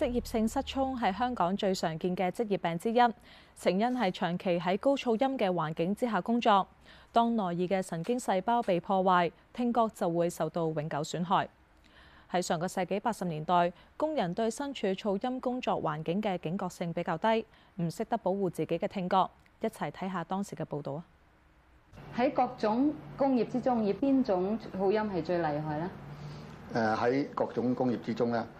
職業性失聰係香港最常見嘅職業病之一，成因係長期喺高噪音嘅環境之下工作。當內耳嘅神經細胞被破壞，聽覺就會受到永久損害。喺上個世紀八十年代，工人對身處噪音工作環境嘅警覺性比較低，唔識得保護自己嘅聽覺。一齊睇下當時嘅報道啊！喺各種工業之中，以邊種噪音係最厲害呢？誒、呃，喺各種工業之中呢。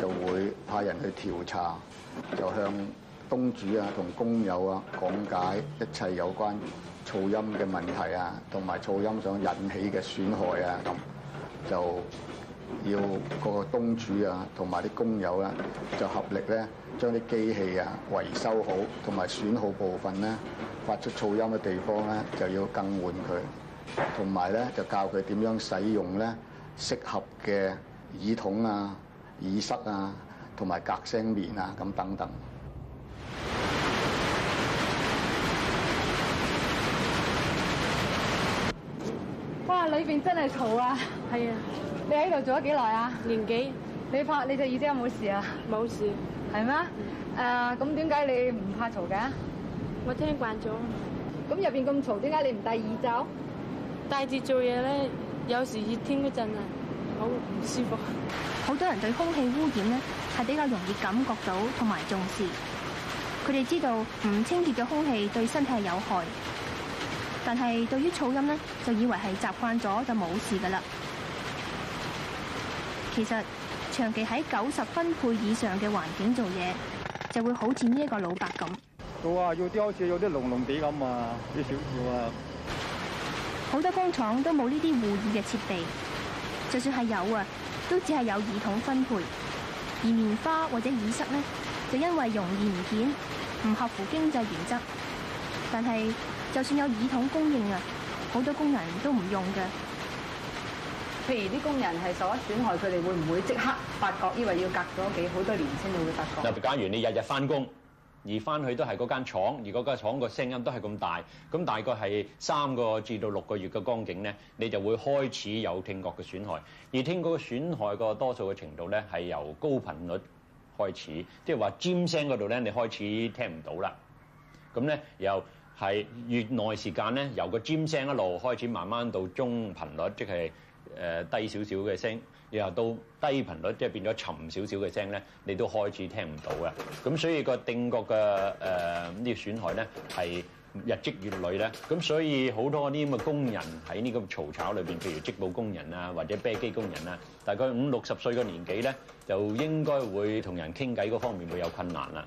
就會派人去調查，就向東主啊同工友啊講解一切有關噪音嘅問題啊，同埋噪音所引起嘅損害啊，咁就要嗰個東主啊同埋啲工友啊就合力咧將啲機器啊維修好，同埋損耗部分咧發出噪音嘅地方咧就要更換佢，同埋咧就教佢點樣使用咧適合嘅耳筒啊。耳塞啊，同埋隔聲棉啊，咁等等。哇，裏邊真係嘈啊！係啊，你喺度做咗幾耐啊？年幾？你怕你隻耳仔有冇事啊？冇事。係咩？誒，咁點解你唔怕嘈嘅？我聽慣咗。咁入邊咁嘈，點解你唔戴耳罩？戴住做嘢咧，有時熱天嗰陣啊，好唔舒服。好多人對空氣污染咧，係比較容易感覺到同埋重視。佢哋知道唔清潔嘅空氣對身體係有害，但係對於噪音呢，就以為係習慣咗就冇事噶啦。其實長期喺九十分貝以上嘅環境做嘢，就會好似呢一個老伯咁。哇！要啲好似有啲隆隆地咁啊，啲小啊。好多工廠都冇呢啲護耳嘅設備。就算係有啊，都只係有耳筒分配，而棉花或者耳塞咧，就因為容易唔顯，唔合乎經濟原則。但係就算有耳筒供應啊，好多工人都唔用嘅。譬如啲工人係受咗損害，佢哋會唔會即刻發覺，因為要隔咗幾好多年先會發覺？嗱，假如你日日翻工。而翻去都係嗰間廠，而嗰間廠個聲音都係咁大，咁大概係三個至到六個月嘅光景咧，你就會開始有聽覺嘅損害。而聽覺嘅損害個多數嘅程度咧，係由高頻率開始，即係話尖聲嗰度咧，你開始聽唔到啦。咁咧又係越耐時間咧，由個尖聲一路開始慢慢到中頻率，即係。誒低少少嘅聲，然後到低頻率，即係變咗沉少少嘅聲咧，你都開始聽唔到嘅。咁所以個聽覺嘅誒呢個損害咧，係日積月累咧。咁所以好多啲咁嘅工人喺呢個嘈吵裏邊，譬如織布工人啊，或者啤機工人啊，大概五六十歲嘅年紀咧，就應該會同人傾偈嗰方面會有困難啦。